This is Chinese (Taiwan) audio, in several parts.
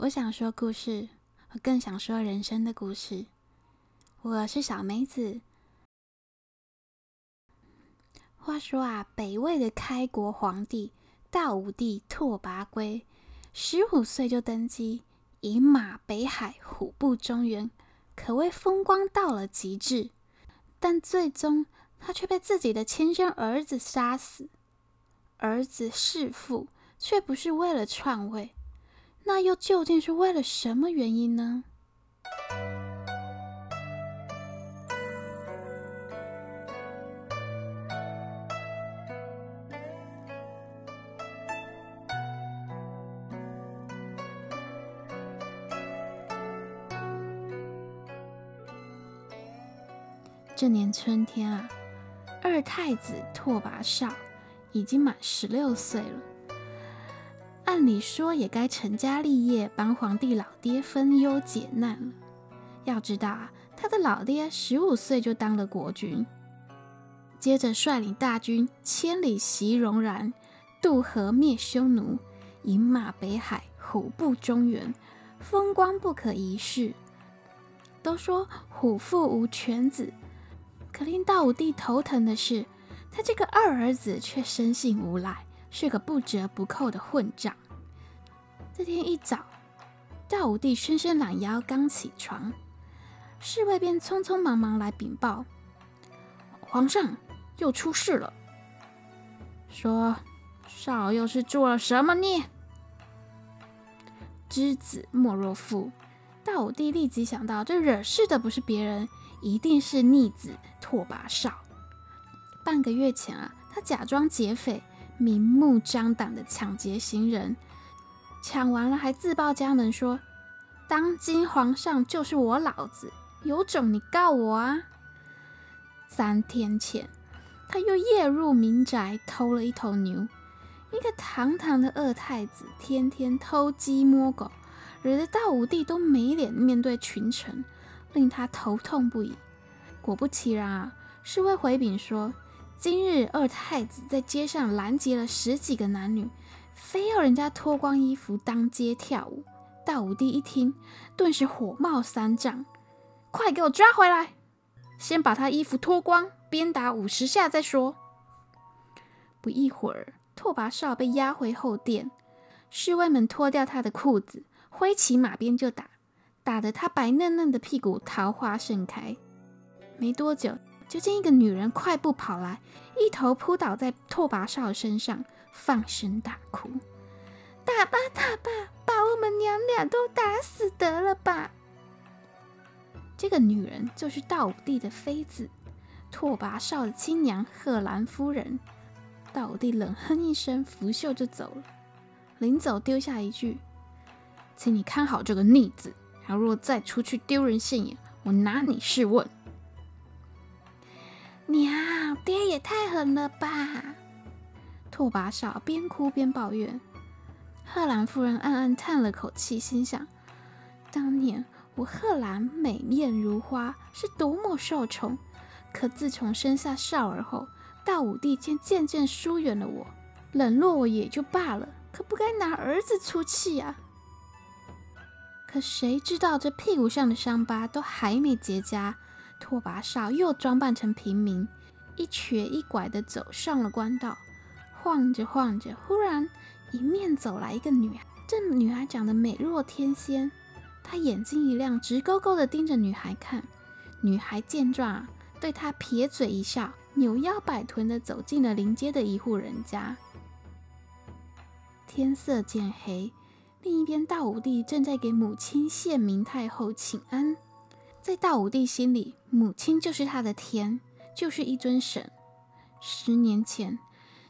我想說故事，我更想說人生的故事。我是小梅子。話說啊，北魏的開國皇帝大武帝拓跋珪，十五歲就登基，飲馬北海，虎步中原，可謂風光到了極致。但最終他卻被自己的親生兒子殺死。兒子弒父，卻不是為了篡位。那又究竟是為了什麼原因呢？這年春天啊，二太子拓跋紹已經滿十六歲了。按理說也該成家立業，幫皇帝老爹分憂解難了。要知道啊，他的老爹十五歲就當了國君，接着率領大軍千里襲柔然，渡河滅匈奴，飲馬北海，虎步中原，風光不可一世。都說虎父無犬子，可令道武帝頭疼的是，他這個二兒子卻生性無賴，是個不折不扣的混賬。這天一早，道武帝伸伸懶腰，剛起床，侍衛便匆匆忙忙來禀報：“皇上又出事了。”說：“紹又是做了什麼孽？”知子莫若父，道武帝立即想到，這惹事的不是別人，一定是逆子拓跋紹。半個月前啊，他假裝劫匪，明目張膽地搶劫行人。搶完了還自報家門說：“當今皇上就是我老子，有種你告我啊！”三天前，他又夜入民宅偷了一頭牛。一個堂堂的二太子，天天偷雞摸狗，惹得道武帝都沒臉面對群臣，令他頭痛不已。果不其然啊，侍衛回稟說：“今日二太子在街上攔截了十幾個男女。”非要人家脫光衣服當街跳舞，道武帝一聽，頓時火冒三丈，快給我抓回來！先把他衣服脫光，鞭打五十下再說。不一會兒，拓跋紹被押回後殿，侍衛們脫掉他的褲子，揮起馬鞭就打，打得他白嫩嫩的屁股桃花盛開。沒多久，就見一個女人快步跑來，一頭撲倒在拓跋紹身上。放聲大哭，打吧打吧，把我們娘倆都打死得了吧！這個女人就是道武帝的妃子拓跋紹的親娘賀蘭夫人。道武帝冷哼一聲，拂袖就走了。臨走丟下一句：“請你看好這個逆子，倘若再出去丟人現眼，我拿你是問！”娘，爹也太狠了吧！拓跋紹邊哭邊抱怨，賀蘭夫人暗暗嘆了口氣，心想：當年我賀蘭美豔如花，是多麼受寵。可自從生下少兒後，大武帝竟漸漸疏遠了我，冷落我也就罷了，可不該拿兒子出氣呀。可誰知道這屁股上的傷疤都還沒結痂，拓跋紹又裝扮成平民，一瘸一拐地走上了官道。晃着晃着，忽然迎面走來一個女孩。這女孩長得美若天仙，她眼睛一亮，直勾勾的盯着女孩看。女孩見狀，對她撇嘴一笑，扭腰擺臀的走進了臨街的一戶人家。天色漸黑，另一邊，大武帝正在給母親獻明太后請安。在大武帝心裡，母親就是他的天，就是一尊神。十年前。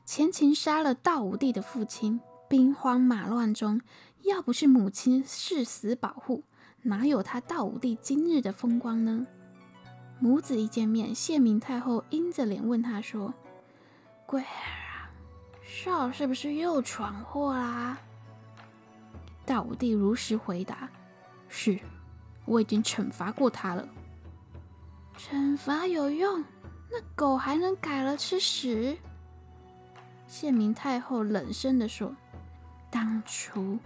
前秦殺了道武帝的父親，兵荒馬亂中，要不是母親誓死保護，哪有他道武帝今日的風光呢？母子一見面，謝明太后陰着臉問他說：“珪兒啊，紹是不是又闖禍啦？”道武帝如實回答：“是，我已經懲罰過他了。”懲罰有用？那狗還能改了吃屎？獻明太后冷聲地說：“當初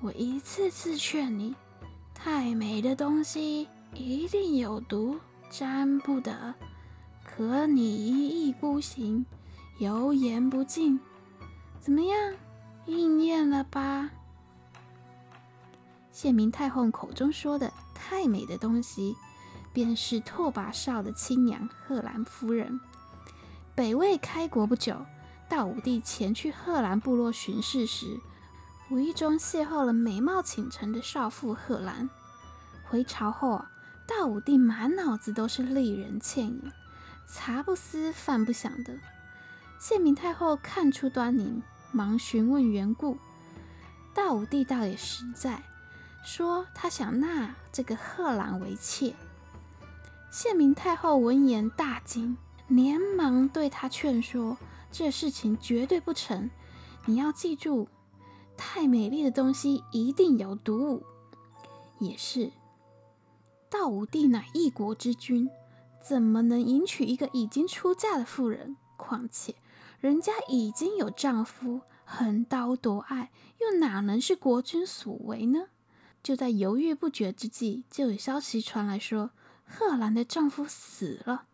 我一次次勸你，太美的東西一定有毒，沾不得。可你一意孤行，油鹽不進。怎麼樣，應驗了吧？”獻明太后口中說的“太美的東西”，便是拓跋紹的親娘賀蘭夫人。北魏開國不久。道武帝前去賀蘭部落巡視時，無意中邂逅了美貌傾城的少婦賀蘭。回朝後啊，道武帝滿腦子都是麗人倩影，茶不思飯不想的。獻明太后看出端倪，忙詢問緣故。道武帝倒也實在，說他想納這個賀蘭為妾。獻明太后聞言大驚，連忙對他勸說。這事情絕對不成！你要記住，太美麗的東西一定有毒。也是，道武帝乃一國之君，怎麼能迎娶一個已經出嫁的婦人？況且人家已經有丈夫，橫刀奪愛，又哪能是國君所為呢？就在猶豫不決之際，就有消息傳來說，說賀蘭的丈夫死了。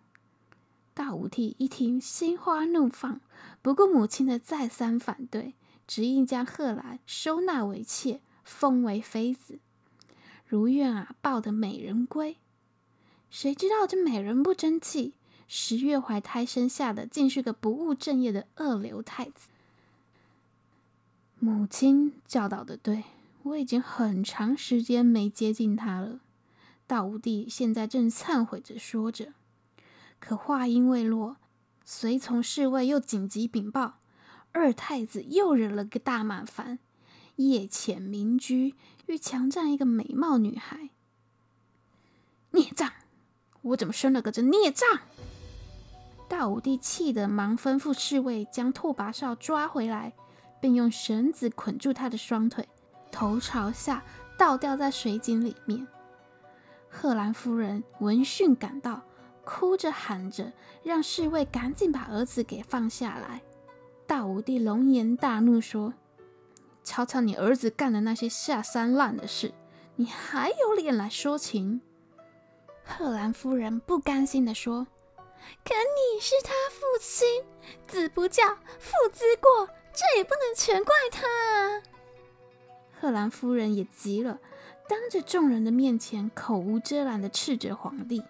大武帝一聽，心花怒放，不顧母親的再三反對，執意將賀蘭收納為妾，封為妃子，如願啊，抱得美人歸。誰知道這美人不爭氣，十月懷胎生下的竟是個不務正業的二流太子。母親教導的對，我已經很長時間沒接近他了。道武帝現在正懺悔着說着。可話音未落，隨從侍衛又緊急稟報：二太子又惹了個大麻煩，夜潛民居欲強占一個美貌女孩。孽障！我怎麼生了個這孽障？大武帝氣得忙吩咐侍衛將拓跋紹抓回來，並用繩子捆住他的雙腿，頭朝下倒吊在水井裡面。賀蘭夫人聞訊趕到。哭着喊着，讓侍衛趕緊把兒子給放下來。道武帝龍顏大怒，說：“瞧瞧你兒子幹的那些下三濫的事，你還有臉來說情？”賀蘭夫人不甘心地說：“可你是他父親，子不教，父之過，這也不能全怪他啊。”賀蘭夫人也急了，當着眾人的面前，口無遮攔地斥責皇帝。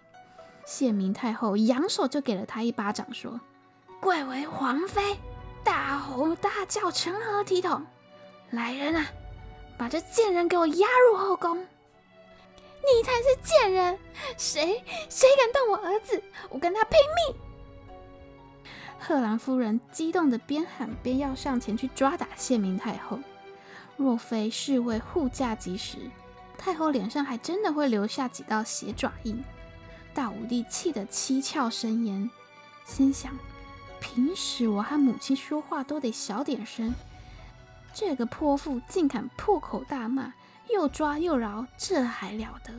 謝明太后揚手就給了她一巴掌，說：“貴為皇妃，大吼大叫成何體統？來人啊，把這賤人給我押入後宮！你才是賤人！誰誰敢動我兒子，我跟他拼命！”賀蘭夫人激動地邊喊邊要上前去抓打謝明太後，若非侍衛護駕及時，太后臉上還真的會留下幾道血爪印。大武帝氣得七竅生煙，心想：平時我和母親說話都得小點聲，這個潑婦竟敢破口大罵，又抓又撓，這還了得？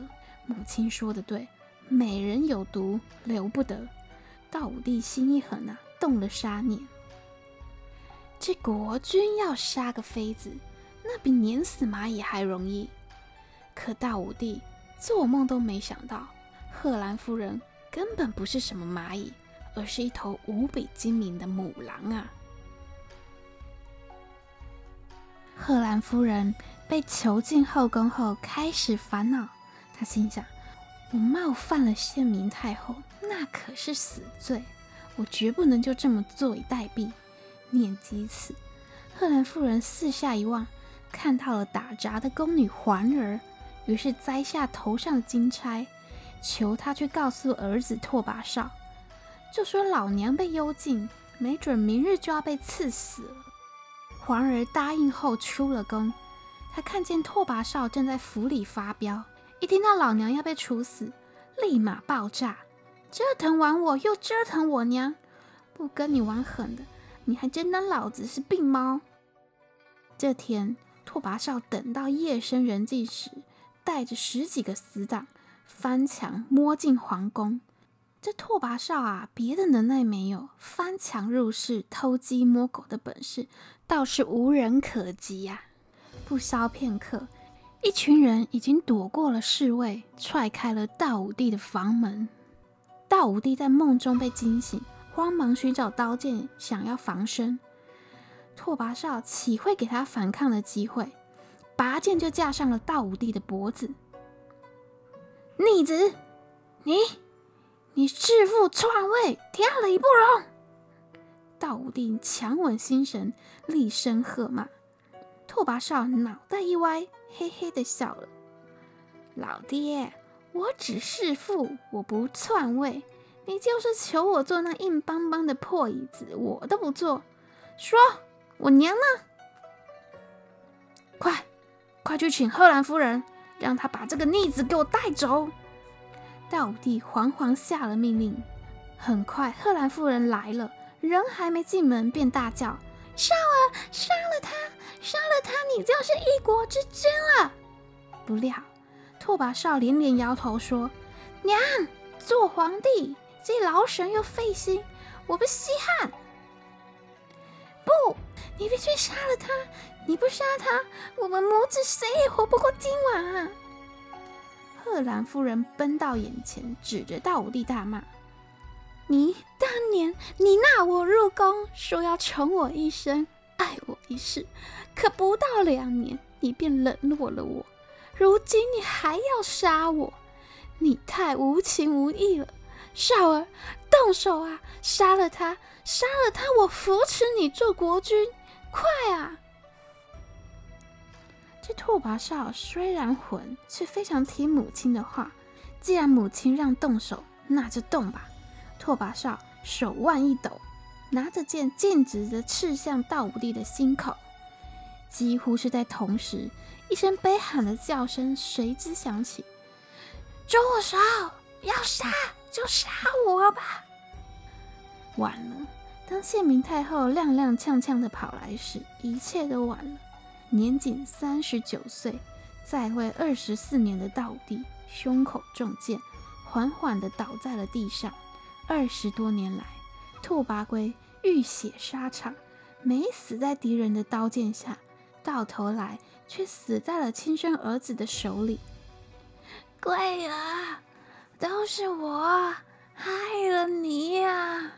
母親說的對，美人有毒，留不得。大武帝心一狠吶，動了殺念。這國君要殺個妃子，那比碾死螞蟻還容易。可大武帝做夢都沒想到。賀蘭夫人根本不是什麼螞蟻，而是一頭無比精明的母狼啊！賀蘭夫人被囚禁後宮後，開始煩惱。她心想：“我冒犯了獻明太後，那可是死罪，我絕不能就這麼坐以待斃。”念及此，賀蘭夫人四下一望，看到了打雜的宮女環兒，於是摘下頭上的金釵。求他去告訴兒子拓跋紹，就說老娘被幽禁，沒準明日就要被賜死了。皇兒答應後出了宮，他看見拓跋紹正在府裡發飆，一聽到老娘要被處死，立馬爆炸，折騰完我又折騰我娘，不跟你玩狠的，你還真當老子是病貓？這天，拓跋紹等到夜深人靜時，帶着十幾個死黨。翻牆摸進皇宮，這拓跋紹啊，別的能耐沒有，翻牆入室、偷雞摸狗的本事倒是無人可及呀、啊。不消片刻，一群人已經躲過了侍衛，踹開了道武帝的房門。道武帝在夢中被驚醒，慌忙尋找刀劍想要防身，拓跋紹豈會給他反抗的機會？拔劍就架上了道武帝的脖子。逆子，你你弒父篡位，天理不容！道武帝強穩心神，厲聲喝罵。拓跋紹腦袋一歪，嘿嘿的笑了。老爹，我只弒父，我不篡位。你就是求我坐那硬邦邦的破椅子，我都不坐。說，我娘呢？快，快去請賀蘭夫人。讓他把這個逆子給我帶走。道武帝惶惶下了命令。很快，賀蘭夫人來了，人還沒進門便大叫：“紹兒、啊，殺了他，殺了他，你就是一國之君了。”不料，拓跋紹連連搖頭說：“娘，做皇帝既勞神又費心，我不稀罕。”你必須殺了他！你不殺他，我們母子誰也活不過今晚啊。賀蘭夫人奔到眼前，指着道武帝大罵：“你當年你納我入宮，說要寵我一生，愛我一世，可不到兩年，你便冷落了我。如今你還要殺我，你太無情無義了！”少兒，動手啊！殺了他，殺了他，我扶持你做國君。快啊！這拓跋紹雖然渾，卻非常聽母親的話。既然母親讓動手，那就動吧。拓跋紹手腕一抖，拿着劍徑直的刺向道武帝的心口。幾乎是在同時，一聲悲喊的叫聲隨之響起：“住手！要殺就殺我吧！”完了。當獻明太后踉踉蹌蹌的跑來時，一切都晚了。年僅三十九歲，在位二十四年的道帝胸口中箭，緩緩的倒在了地上。二十多年來，拓跋珪浴血沙場，沒死在敵人的刀劍下，到頭來卻死在了親生兒子的手裡。珪啊，都是我害了你啊！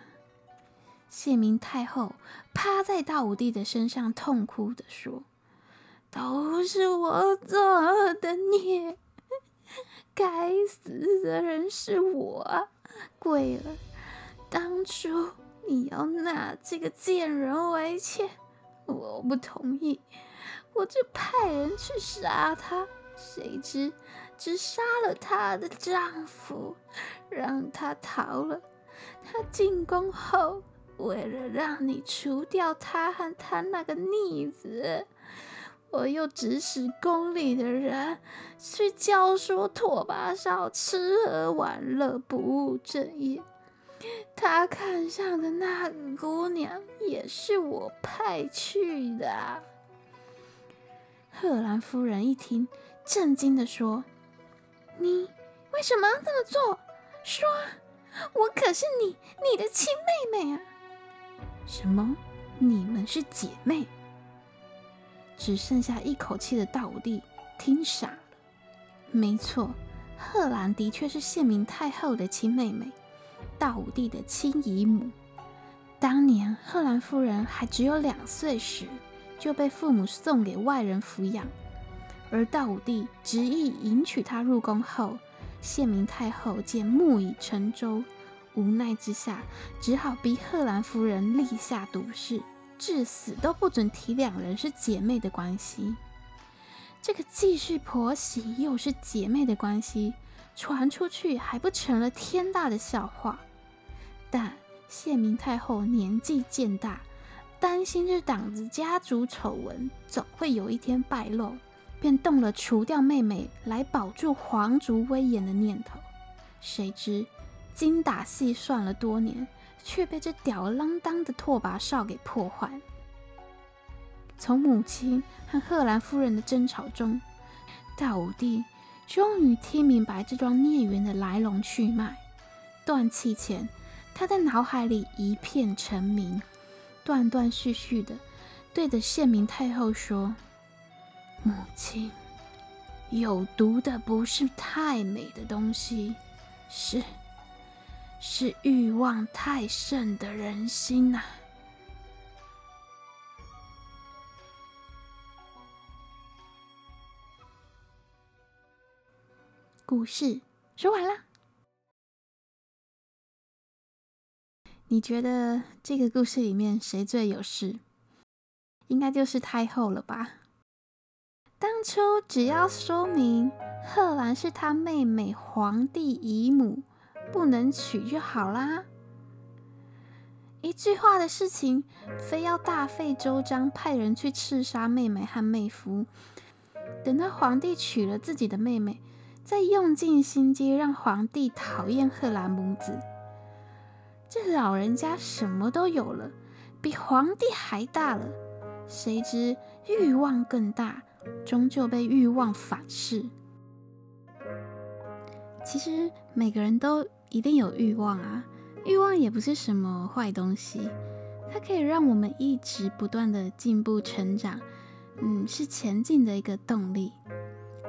謝明太后趴在大武帝的身上，痛哭地說：“都是我作惡的孽，該死的人是我啊。跪了，當初你要納這個賤人為妾，我不同意，我就派人去殺她，誰知只殺了她的丈夫，讓她逃了。她進宮後，”為了讓你除掉他和他那個逆子，我又指使宮裡的人去教唆拓跋紹吃喝玩樂，不務正業。他看上的那個姑娘也是我派去的。賀蘭夫人一聽，震驚的說：“你為什麼要這麼做？說，我可是你你的親妹妹啊！”什麼？你們是姐妹？只剩下一口氣的道武帝聽傻了。沒錯，賀蘭的確是獻明太後的親妹妹，道武帝的親姨母。當年賀蘭夫人還只有兩歲時，就被父母送給外人撫養，而道武帝執意迎娶她入宮後，獻明太后見木已成舟。無奈之下，只好逼賀蘭夫人立下毒誓，至死都不准提兩人是姐妹的關係。這個既是婆媳，又是姐妹的關係，傳出去還不成了天大的笑話？但謝明太后年紀漸大，擔心這檔子家族醜聞總會有一天敗露，便動了除掉妹妹來保住皇族威嚴的念頭。誰知，精打細算了多年，卻被這吊兒郎當的拓跋紹給破壞。從母親和賀蘭夫人的爭吵中，大武帝終於聽明白這樁孽緣的來龍去脈。斷氣前，他的腦海裡一片澄明，斷斷續續的對着獻明太后說：“母親，有毒的不是太美的東西，是。”是慾望太盛的人心吶、啊。故事說完了，你覺得這個故事裡面誰最有勢？應該就是太后了吧？當初只要說明賀蘭是他妹妹，皇帝姨母。不能娶就好啦，一句話的事情，非要大費周章，派人去刺殺妹妹和妹夫。等到皇帝娶了自己的妹妹，再用盡心機讓皇帝討厭賀蘭母子。這老人家什麼都有了，比皇帝還大了。誰知慾望更大，終究被慾望反噬。其實。每個人都一定有慾望啊，慾望也不是什麼壞東西，它可以讓我們一直不斷地進步成長，嗯，是前進的一個動力。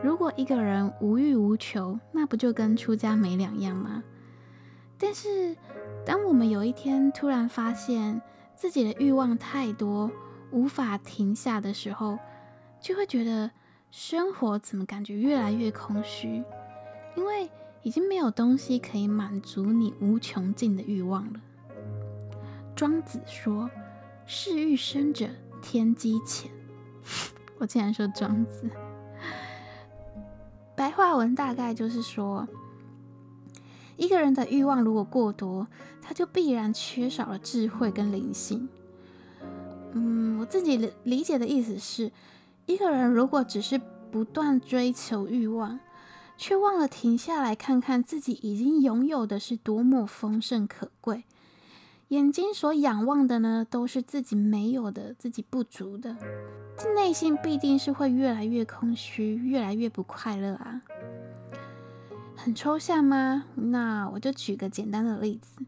如果一個人無欲無求，那不就跟出家沒兩樣嗎？但是，當我們有一天突然發現自己的慾望太多，無法停下的時候，就會覺得生活怎麼感覺越來越空虛，因為。已經沒有東西可以滿足你無窮盡的慾望了。莊子說：“嗜慾深者天機淺。 ”我竟然說莊子。白話文大概就是說，一個人的慾望如果過多，他就必然缺少了智慧跟靈性。嗯，我自己理解的意思是，一個人如果只是不斷追求慾望，卻忘了停下來看看自己已經擁有的是多麼豐盛可貴。眼睛所仰望的呢，都是自己沒有的、自己不足的，這內心必定是會越來越空虛、越來越不快樂啊！很抽象嗎？那我就舉個簡單的例子：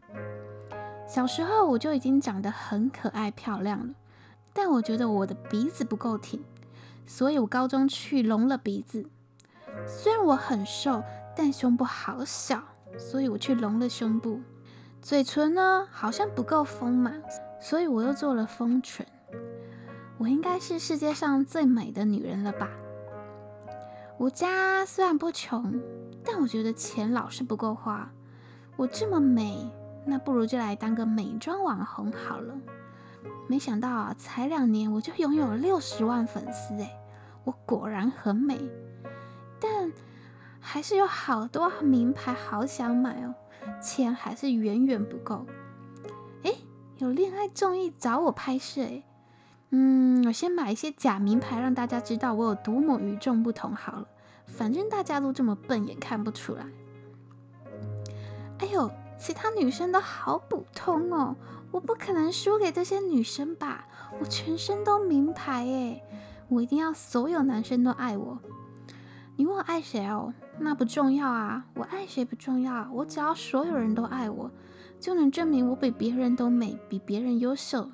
小時候我就已經長得很可愛漂亮了，但我覺得我的鼻子不夠挺，所以我高中去隆了鼻子。雖然我很瘦，但胸部好小，所以我去隆了胸部。嘴唇呢，好像不夠豐滿，所以我又做了豐唇。我應該是世界上最美的女人了吧？我家雖然不窮，但我覺得錢老是不夠花。我這麼美，那不如就來當個美妝網紅好了。沒想到啊，才兩年我就擁有了六十萬粉絲誒，我果然很美。但還是有好多名牌，好想買哦，錢還是遠遠不夠。欸，有戀愛綜藝找我拍攝欸。嗯，我先買一些假名牌，讓大家知道我有多麼與眾不同。好了，反正大家都這麼笨，也看不出來。哎呦，其他女生都好普通哦，我不可能輸給這些女生吧？我全身都名牌欸，我一定要所有男生都愛我。你問我愛誰哦，那不重要啊，我愛誰不重要，我只要所有人都愛我，就能證明我比別人都美，比別人優秀。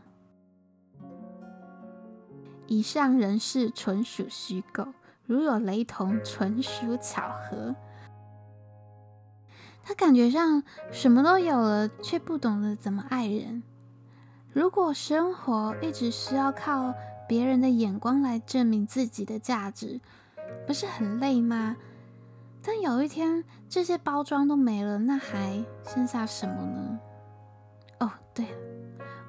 以上人事純屬虛構，如有雷同，純屬巧合。他感覺上什麼都有了，卻不懂得怎麼愛人。如果生活一直需要靠別人的眼光來證明自己的價值。不是很累嗎？但有一天這些包裝都沒了，那還剩下什麼呢？哦，對了，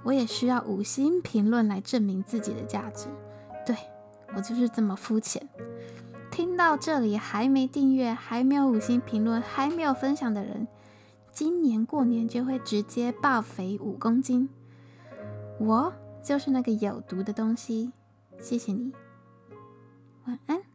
我也需要五星評論來證明自己的價值。對，我就是這麼膚淺。聽到這裡，還沒訂閱、還沒有五星評論、還沒有分享的人，今年過年就會直接爆肥五公斤。我就是那個有毒的東西。謝謝你，晚安。